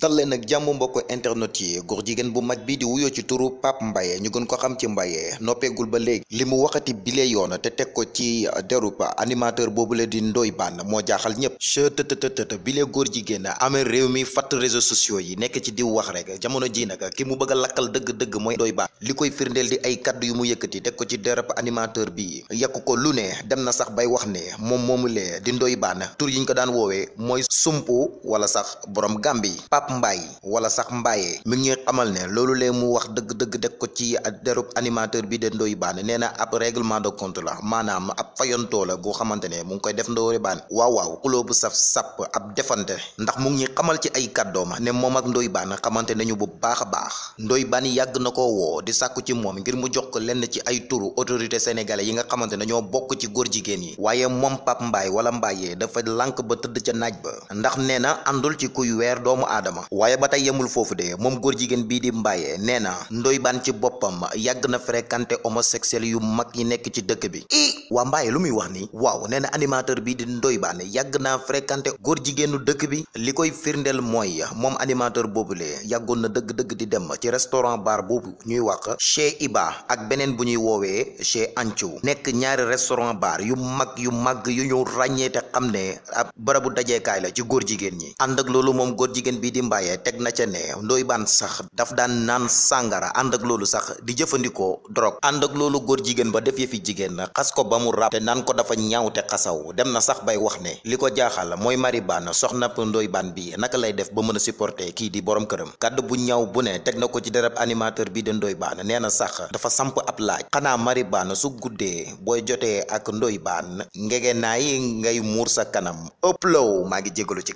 dal leen ak jàmm mbokk internet yi góor jigéen bu mag bi di wuyoo ci turu Pape Mbaye ñu gën ko xam ci mbayee noppeegul ba léegi li mu waxati bile yoon te teg ko ci derub animateur boobu la di Ndoye Bane moo jaaxal ñëpp chetëtëtëtë bile góor jigéen amee réew mi fatt réseaux yi nekk ci diw wax rek jamono ji nag ki mu bëgg a lakkal dëgg-dëgg mooy Ndoye li koy firndeel di ay kaddu yu mu yëkkati teg ko ci derub animateur bi yekk ko lu ne dem na sax bay wax ne moom moomu lee di ndoy Bane tur yi ñu ko daan woowee mooy sumpu wala sax boroom gàmb yi ab mbaay wala sax mbaayee mi ngi ñuy xamal ne loolu lee mu wax dëgg-dëgg deg ko ci derub animateur bi de Ndoye Bane nee na ab règlement de compte la maanaam ab fayantoo la boo xamante ne mu ngi koy def Ndoye Bane waaw waaw xuloo bu saf sàpp ab defante ndax mu ngi xamal ci ay kàddooma ne moom ak Ndoye Bane xamante nañu bu baax a baax Ndoye Bane yàgg na ko woo di sàkku ci moom ngir mu jox ko lenn ci ay turu autorité sénégalais yi nga xamante dañoo bokk ci góor jigéen yi waaye moom Pape Mbaye wala Mbayee dafa lànk ba tëdd ca na kanamam waaye ba tey yemul foofu de moom góor jigéen bii di Mbaye nee na Ndoye Bane ci boppam yàgg na frekante fréquenté homosexuel yu mag yi nekk ci dëkk bi i waa Mbaye lu muy wax ni waaw nee na animateur bii di ndoybaan yàgg naa fréquenté góor jigéenu dëkk bi li koy firndeel mooy moom animateur boobu lee yàggoon na dëgg-dëgg di dem ci restaurant baar boobu ñuy wax chez Iba ak beneen bu ñuy woowee chez Ancho nekk ñaari restaurant baar yu mag yu mag yu ñu ràññee te xam ne ab la ci góor ñi Mbaye teg na ca ne Ndoye Bane sax daf daan naan sàngara ànd ak loolu sax di jëfandikoo drogue ànd ak loolu góor jigéen ba def yëfi jigéen na xas ko ba mu rab te naan ko dafa ñaw te xasaw dem na sax bay wax ne li ko jaaxal mooy Marie Bane soxna Ndoye Bane bi naka lay def ba mën a supporter kii di boroom këram kàdd bu ñaaw bu ne teg na ko ci derab animateur bi de Ndoye Bane nee na sax dafa samp ab laaj xanaa mari Bane su guddee booy jotee ak Ndoye Bane ngege naay ngay muur sa kanam ngi jégalu ci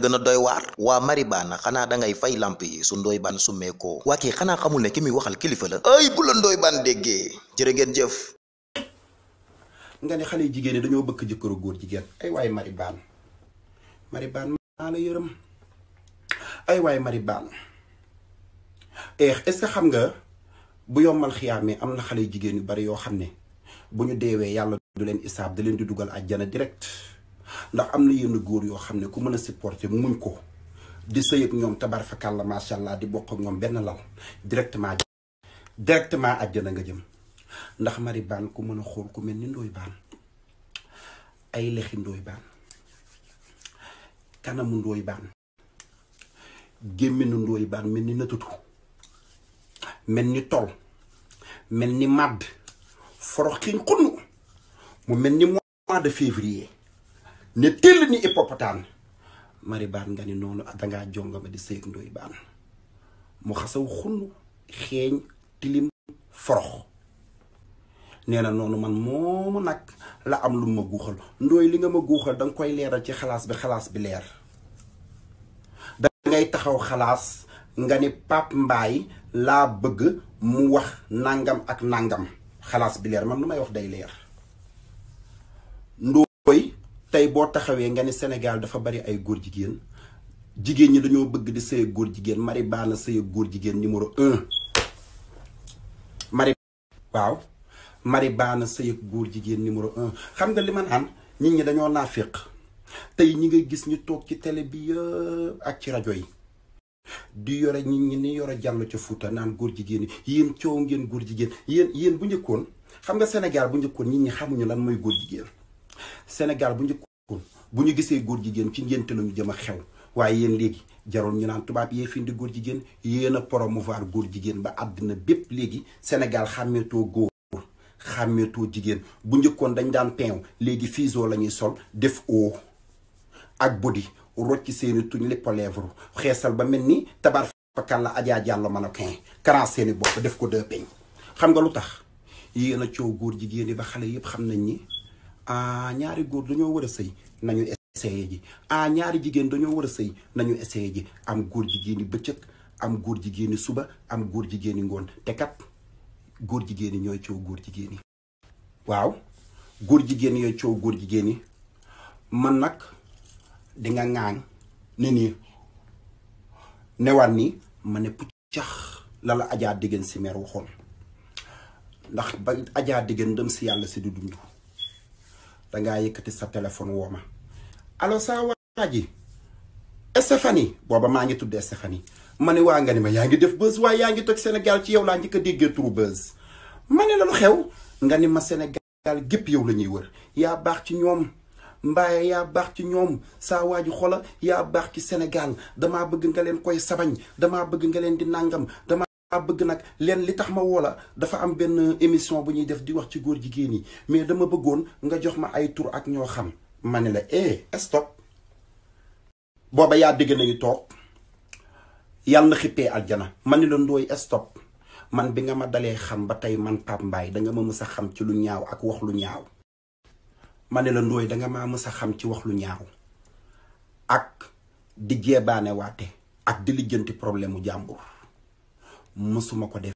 nga doy waar waa mari baana xanaa da fay lamp yi su ndooy baan summee xanaa xamul ne ki muy waxal kilifa la ay bu ndooy baan déggee jërë ngeen jëf nga xale jigéen ñi dañoo bëgg jëkkëru góor jigéen ay waay mari baan mari maa la yërëm ay waay mari baan eh est-ce que xam nga bu yombal xiyaamee am na xale jigéen yu bari yoo xam ne bu ñu deewee yàlla du leen isaab da leen di dugal àjjana direct ndax am na yenn góor yoo xam ne ku mën a supporter muñ ko di sëy ñoom tabar fakal la macha allah di bokk ak ñoom benn lal directement. directement ak jën a nga jëm ndax mari baan ku mën a xool ku mel ni ndooy baan ay lexi kanamu ndooy baan gémminu ndooy mel ni natutu mel ni tol mel ni màdd forox xiñ xunn mu mel ni mois de février ne tell ni ippopotaan mari baan nga ni noonu ah, dangaa jongama di sëyeg ndoy baan mu xasaw xunn xeeñ tilim forox nee na noonu man moomu nag la am lu ma guuxal ndooy li nga ma guuxal danga koy leeral ci xalaas bi xalaas bi leer dangay taxaw xalaas nga ni Pape mbaay laa bëgg mu wax nangam ak nangam xalaas bi leer man lu may wax day leer tey boo taxawee nga ni senegal dafa bari ay góor jigéen jigéen ñi dañoo bëgg di sëy góor jigéen mari baana sëy góor jigéen numéro un mari baana sëy góor jigéen numéro un xam nga li ma naan nit ñi dañoo naafiq tey ñi ngay gis ñu toog ci tele bi yëpp ak ci rajo yi di yore nit ñi ni yore jàll ca Fuuta naan góor jigéen yi yéen coow ngeen góor jigéen yéen yéen bu njëkkoon xam nga senegal bu njëkkoon nit ñi xamuñu lan mooy góor jigéen Sénégal bu njëkkoon bu ñu gisee góor jigéen ci ngénte la ñu jëm a xew waaye yéen léegi jarul ñu naan tubaab yee findi góor jigéen yéen a promouvoir góor jigéen ba àddina bépp léegi Sénégal xàmmeetoo góor xàmmeetoo jigéen bu njëkkoon dañ daan peew léegi fiso la ñuy sol def o ak body rocc seeni tuñ lépp lèvre xeesal ba mel ni tabar fakkan la Adja Diallo mannequin karan seeni bopp def ko deux peñ xam nga lu tax yéen a coow góor jigéen yi ba xale yépp xam nañ ni ah ñaari góor dañoo war a sëy nañu essayé ji ah ñaari jigéen dañoo war a sëy nañu essayé ji am góor jigéeni bëccëg am góor jigéeni suba am góor jigéeni ngoon te kat góor jigéeni ñooy coow góor jigéeni waaw góor jigéen yooyu coow góor jigéen yi man nag dinga nga ŋaañ ne nii newaan nii ma ne puccax la la ajaa diggéen si meer waxoon ndax ba ajaa diggéen dem si yàlla si di dund dangaa yëkkati sa téléphone woo ma allo saa waa ji booba maa ngi tudd Stéphanie ma ne waa nga ni ma yaa ngi def buzz waaye yaa ngi toj Sénégal ci yow laa njëkk a déggee turu buzz ma ne xew nga ni ma Sénégal gépp yow la ñuy wër yaa baax ci ñoom mbaaye yaa baax ci ñoom saa waa ji xola yaa baax ci Sénégal damaa bëgg nga leen koy sabañ damaa bëgg nga leen di nàngam dama a bëgg nag leen li tax ma woo dafa am benn émission bu ñuy def di wax ci góor jigéen yi mais dama bëggoon nga jox ma ay tur ak ñoo xam ma ne la eh, stop booba yaa dégg nañu toog yàlla na xippee aljana ma ni la ndooy stop man bi nga ma dalee xam ba tey man Pape mbaay danga ma mës xam ci lu ñaaw ak wax lu ñaaw ma ne la ndooy danga ma mës a xam ci wax lu ñaaw ak di jeebaane waate ak di lijjanti problème mu jàmbur mësuma ko def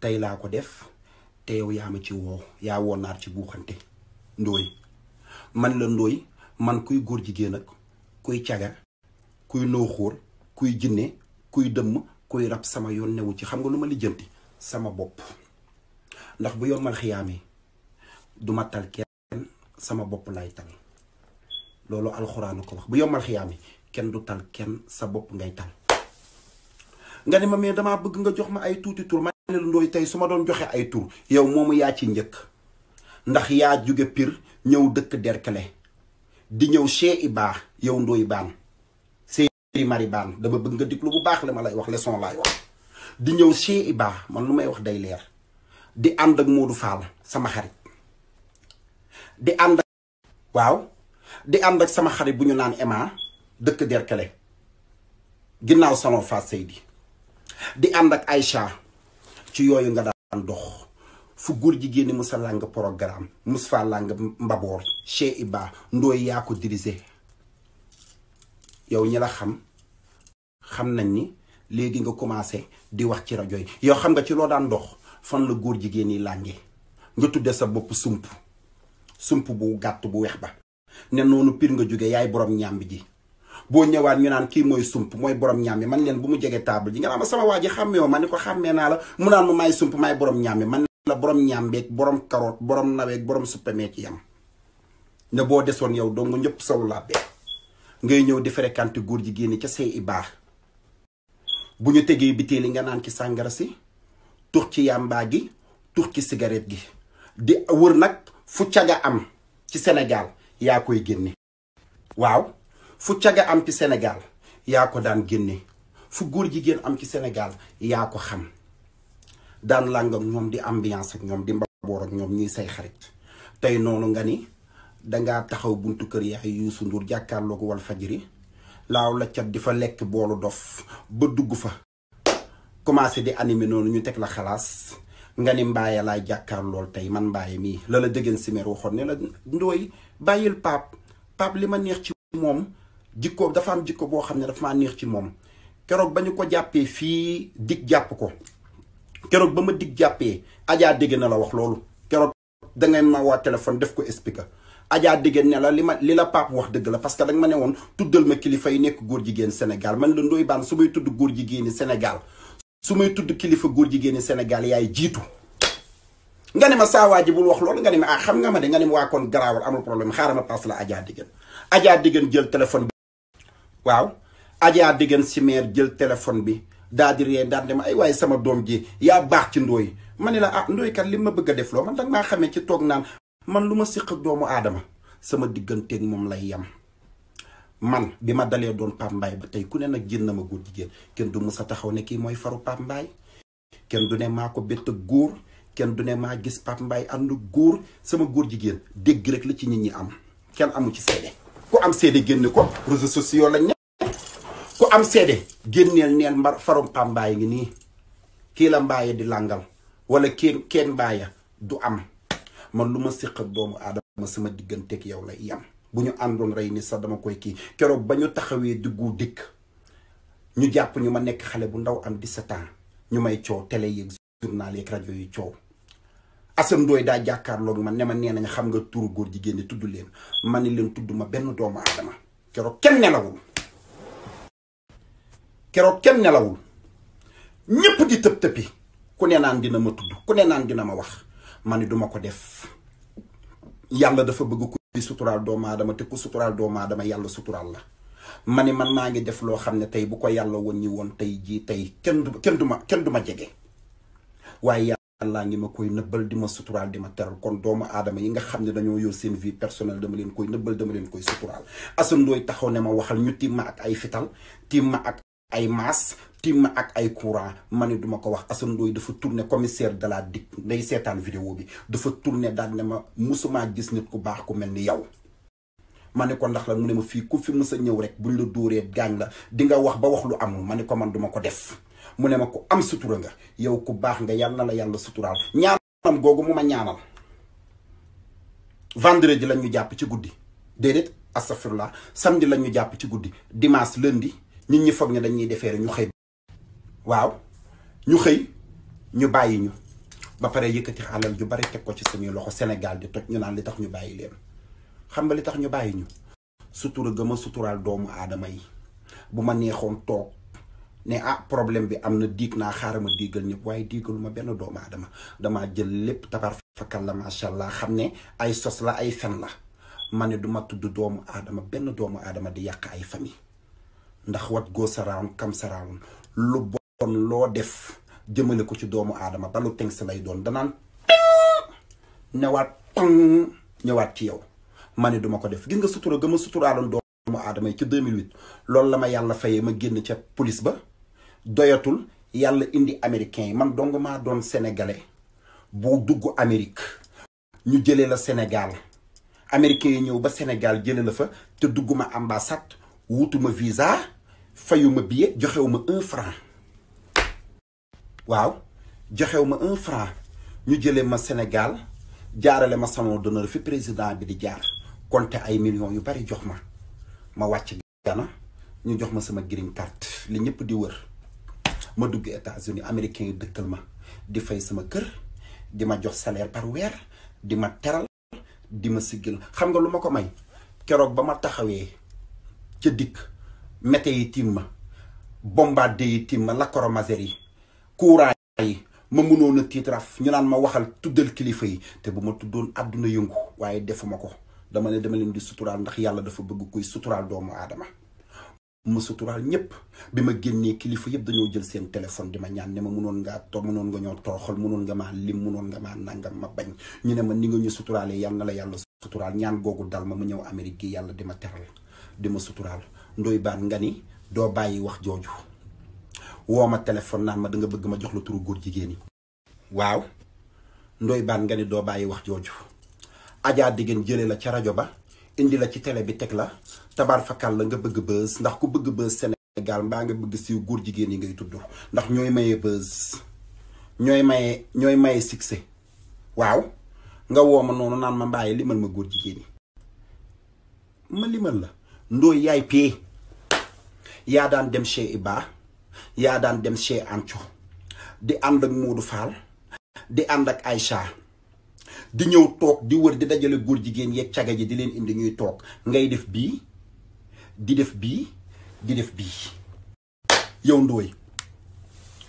tey laa ko def te yow yaa ma ci woo yaa woo naar ci buuxante ndooy man la ndooy man kuy góor jigéen ak kuy caga kuy nooxóor kuy jinne kuy dëmm kuy rab sama yoon newu ci xam nga lu ma lijjanti sama bopp ndax bu yoon man xiyaamee du ma tal kenn sama bopp laay tal loolu alxuraan ko wax bu yomal xiyaam yi kenn du tal kenn sa bopp ngay tal nga ne ma mais damaa bëgg nga jox ma ay tuuti tur ma ne la ndooy tey su ma doon joxe ay tur yow moomu yaa ci njëkk ndax yaa jóge Pire ñëw dëkk Derklé di ñëw Cheikh Iba yow ndooy baan Seydi Mari Baan dama bëgg nga déglu bu baax la ma lay wax leçon laay di ñëw Cheikh Iba man lu may wax day leer di ànd ak Modou Fall sama xarit di ànd ak waaw di ànd ak sama xarit bu ñu naan Emma dëkk Derklé ginnaaw salon Fass Seydi di ànd ak ay Aïcha ci yooyu nga daan dox fu góor jigéen ñi Moussa Lang programme Moussa Mbaboor Cheikh Iba ndooy yaa ko dirigé yow ñi la xam xam nañ ni léegi nga commencé di wax ci rajo yi yow xam nga ci loo daan dox fan la góor jigéen ñi lànge nga tudde sa bopp sump sump bu gàtt bu weex ba ne noonu piir nga jóge yaay boroom ñàmb ji boo ñëwaat ñu naan kii mooy sump mooy borom ñaam yi man leen bu mu jegee table ji nga naan sama waa ji xàmmeewoo ma ne ko xàmmee naa la mu naan ma maay sump maay borom ñaam yi man la borom ñaam beeg borom karoot borom naweeg borom suppemee ci yam ne boo desoon yow dong ñëpp saw làbbee ngay ñëw di fréquenté góor ji génne ca say ibaax baax bu ñu tegee bitéeli nga naan ci sàngara si tux ci yàmbaa gi tux ci cigarette gi di wër nag fu caga am ci Sénégal yaa koy fu caga am ci Sénégal yaa ko daan génne fu góor jigéen am ci Sénégal yaa ko xam daan làngam moom di ambiance ak ñoom di mbaboor ak ñoom ñuy say xarit tey noonu nga ni dangaa taxaw buntu kër yaay Youssou Ndour jàkkaarloog wal fajiri laaw la cat di fa lekk boolu dof ba dugg fa commencé di animé noonu ñu teg la xalaas nga ni mbaaye laay jàkkaar lool tey man mbaaye mii la la dëggeen simeer waxoon ne la ndooy bàyyil paap paap li ma neex ci moom jikko dafa am jikko boo xam ne dafa maa neex ci moom keroog ba ñu ko jàppee fii dig jàpp ko keroog ba ma digg jàppee Adja dégg na la wax loolu keroog da ngeen ma waa téléphone def ko expliquer Adja dégg ne la li ma li la Pape wax dëgg la parce que da ma ne woon tuddal ma kilifa yi nekk góor jigéen Sénégal man la Ndoye Bane su may tudd góor jigéeni Sénégal su may tudd kilifa góor jigéeni Sénégal yaay jiitu nga ne ma saa waa ji bul wax loolu nga ne ma ah xam nga ma de nga ne ma waa kon garaawal amul problème xaaral ma paas la Adja Dégène jël téléphone bi. waaw Adja diggan si meer jël téléphone bi daa di ree daan dem ay waaye sama doom ji yaa baax ci ndooy ma ni la ah ndooy kat li ma bëgg a def loo man danga maa xamee ci toog naan man lu ma siq doomu aadama sama digganteeg moom lay yem man bi ma dalee doon Pape Mbaye ba tey ku ne nag génn na ma góor jigéen kenn du mus a taxaw ne kii mooy faru Pape Mbaye kenn du ne maa ko bett ak góor kenn du ne maa gis Pape Mbaye ànd góor sama góor jigéen dégg rek la ci nit ñi am kenn amu ci seede ku am seede génn ko réseaux sociaux lañ ne ku am seede génneel neen mbar farum pambaay ngi nii kii la mbaaya di làngal wala kenn kenn mbaaya du am man lu ma séq doomu aadama sama digganteeg yow la yam bu ñu àndoon rey ni sax dama koy kii keroog ba ñu taxawee diggu dikk ñu jàpp ñu ma nekk xale bu ndaw am di ans ñu may coow télé yeeg journal yeeg rajo yi coow Assane Ndoye daa jàkkaarloog man ne ma nee nañ xam nga turu góor jigéen ñi tudd leen ma ni leen tudd ma benn doomu aadama keroog kenn nelawul keroog kenn nelawul ñépp ku ne naan dina ma tudd ku ne naan dina ma wax ma ni duma ko def yàlla dafa bëgg ku di suturaal doomu aadama te ku suturaal doomu aadama yàlla suturaal la ma ni man maa ngi def loo xam ne tey bu ko yàlla woon ñi woon tey jii tey kenn du kenn du ma kenn jege waaye allah ngi ma koy nëbbal di ma suturaal di ma teral kon doomu aadama yi nga xam ne dañoo yor seen vie personnelle dama leen koy nëbbal dama leen koy suturaal Assane Ndoye taxaw ne ma waxal ñu tiim ma ak ay fital tiim ma ak ay maas tiim ma ak ay courant ma ne duma ko wax Assane Ndoye dafa tourné commissaire de la DIC nday seetaan vidéo bi dafa tourné daal ne ma musumaa gis nit ku baax ku mel ni yow ma ne ko ndax la mu ma fii ku fi mës ñëw rek buñ la dóoree gaañ la di nga wax ba wax lu amul ma ne ko man duma ko def mu ne ma ku am sutura nga yow ku baax nga yàlla na la yàlla suturaal ñaanam googu mu ma ñaanal vendredi lañ ñu jàpp ci guddi déedéet astafirullah samedi lañ ñu jàpp ci guddi dimaas lëndi nit ñi foog ne dañuy rek ñu xëy waaw ñu xëy ñu bàyyi ñu ba pare yëkkati alal ju bari teg ko ci suñuy loxo Sénégal di toj ñu naan li tax ñu bàyyi leen xam nga li tax ñu bàyyi ñu sutura gëma suturaal doomu aadama yi bu ma neexoon toog ne ah problème bi am na diig naa xaaral ma diigal ñëpp waaye diigaluma benn doomu aadama damaa jël lépp tabar fakal la macha allah xam ne ay sos la ay fen la ma ne du ma tudd doomu aadama benn doomu aadama di yàq ay famille ndax wat goes around comes around loo def jëmale ko ci doomu aadama ba lu teng doon danaan newaat tàng ñëwaat ci yow ma ne duma ko def gis nga sutura gëma suturaaloon doomu aadama yi ci 2008 loolu la ma yàlla fayee ma génn ca police ba doyatul yàlla indi américain yi man dong maa doon sénégalais bu dugg Amérique ñu jëlee la senegaal américain yi ñëw ba Sénégal jëlee la fa te dugguma ambassade wutuma visa fayuma billet joxewuma un franc waaw joxewuma un franc ñu jëlee ma Sénégal jaarale ma salon d'honneur fi président bi di jaar konte ay millions yu bari jox ma ma wàcc Gana ñu jox ma sama green card li ñëpp di wër ma dugg États-Unis américain yi dëkkal ma di fay sama kër di ma jox salaire par weer di ma teral di ma siggil xam nga lu ma ko may keroog ba ma taxawee ca dikk mété yi tiim ma bombardé yi tiim ma lacrymogène yi courant yi ma mënoon a tiitaraf ñu naan ma waxal tuddal kilifa yi te bu ma tuddoon àdduna yëngu waaye ma ko dama ne dama leen di suturaal ndax yàlla dafa bëgg kuy suturaal doomu aadama ma suturaal ñëpp bi ma génnee kilifa yëpp dañoo jël seen téléphone di ma ñaan ne ma munoon ngaa to munoon nga ñoo toroxal munoon nga maa lim munoon nga maa nangam ma bañ ñu ne ma ni nga ñu suturaalee yàlla na la yàlla suturaal ñaan googu dal ma ma ñëw Amérique gi yàlla di ma teral di ma suturaal ndoy nga ni doo bàyyi wax jooju woo ma téléphone naan ma da nga bëgg ma jox la turu góor jigéen yi waaw ndoy nga ni doo bàyyi wax jooju ajaa diggéen jële la ca rajo ba indi la ci tele bi teg la tabaar la nga bëgg buzz ndax ku bëgg buzz Sénégal mbaa nga bëgg siiw góor jigéen yi ngay tudd ndax ñooy maye buzz ñooy maye ñooy maye succès waaw nga woo ma noonu naan ma mbaaye limal ma góor jigéen yi ma limal la ndooy yaay pee yaa daan dem chez Iba yaa daan dem chez Ancho di ànd ak Modou Fall di ànd ak Aïcha di ñëw toog di wër di dajale góor jigéen yeeg caga ji di leen indi ñuy toog ngay def bii di def bii di def bii yow ndooy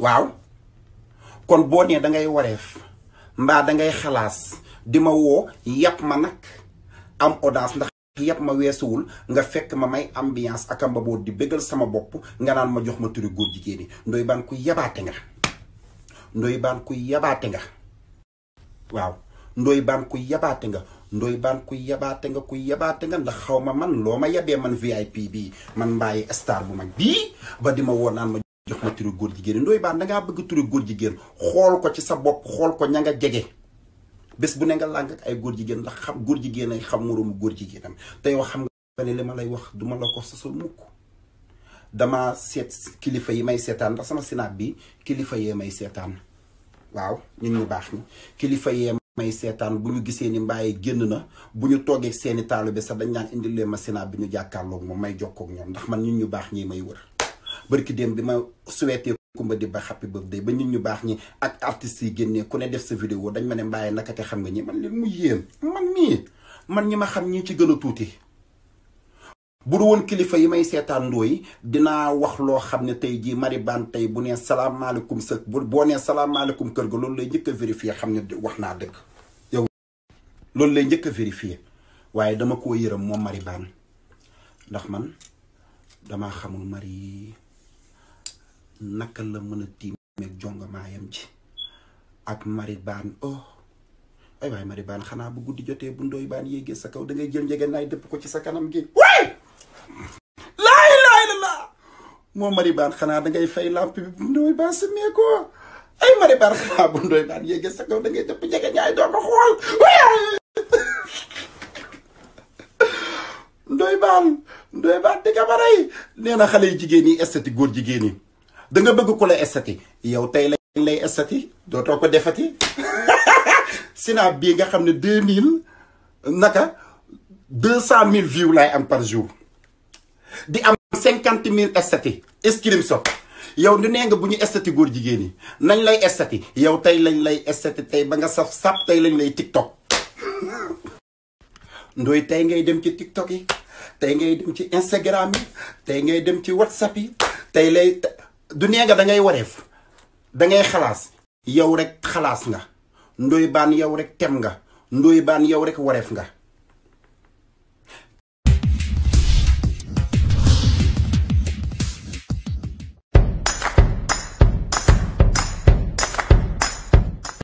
waaw kon boo nee dangay ngay wareef mbaa dangay xalaas di ma woo yàpp ma nag am audace ndax yàpp ma weesuwul nga fekk ma may ambiance ak amba boot di bëggal sama bopp nga naan ma jox ma turi góor jigéen yi ndoy baan ku yabaate nga ndoy baan ku yabaate nga waaw ndoy baan ku yabaate nga ndoy baan ku yabaate nga ku yabaate nga ndax xaw ma man loo ma yabee man VIP bii man mbaayi star bu mag bii ba di ma woo naan ma jox ma turu góor jigéen ndoy baan dangaa bëgg turu góor jigéen xool ko ci sa bopp xool ko ña jege bés bu ne nga làng ay góor jigéen ndax góor jigéen ay xam moroomu góor jigéenam te yow xam nga ne li ma lay wax duma la ko sasul mukk dama seet kilifa yi may seetaan ndax sama sinaat bi kilifa yee may seetaan waaw ñun ñu baax ni kilifa yee may seetaan bu ñu gisee ni mbaay génn na bu ñu toogee seeni taalu taalibe sax dañ naan indil leen ma Sénat bu ñu jàkkaarloog moom may jokkoog ñoom ndax man ñun ñu baax ñi may wër barki dem bi ma souhaité kumba di ba happy birthday ba nit ñu baax ñi ak artistes yi génnee ku ne def sa vidéo dañ ma ne mbaay naka te xam nga ñi man leen mu yéem man mii man ñi ma xam ñii ci gën a tuuti bu du woon kilifa yi may seetaan ndooyi dinaa wax loo xam ne tey jii Maribane tey bu nee salaamaaleykum sa boo nee salaamaaleykum kër ga loolu lay njëkk a xam ne wax naa dëgg yow lay njëkk a vérifié waaye dama koo yërëm moom Maribane ndax man dama xamul mari naka la mën a tiimeeg jongamaayam ci ak Maribane oh ay waay Maribane xanaa bu guddi jotee bu ndooy baan yéegee sa kaw da ngay jël njege naay dëpp ko ci sa kanam gi laa ilaaha illallaah moo mari xanaa dangay ngay fay lamp bi baan si mee ko ay mari baan xanaa bu ndooy baan yéegee sa kaw da ngay dëpp jege ñaay doo ko xool ndooy baan ndooy baan di nga baray na xale yu jigéen yi estati góor jigéen yi da bëgg ku la estati yow tey lañ lay estati dootoo ko defati sinaab bii nga xam ne deux mille naka deux cent mille views laay am par jour di am cinquante mille estati screenshot yow du nee nga bu ñu estati góor jigéen ñi nañ lay estati yow tey lañ lay estati tey ba nga saf sap tey lañ lay tiktok ndoy tey ngay dem ci tiktok yi tey ngay dem ci instagram yi tey ngay dem ci whatsapp yi tey lay du nga da ngay wareef da ngay xalaas yow rek xalaas nga ndoy baan yow rek tem nga ndoy baan yow rek wareef nga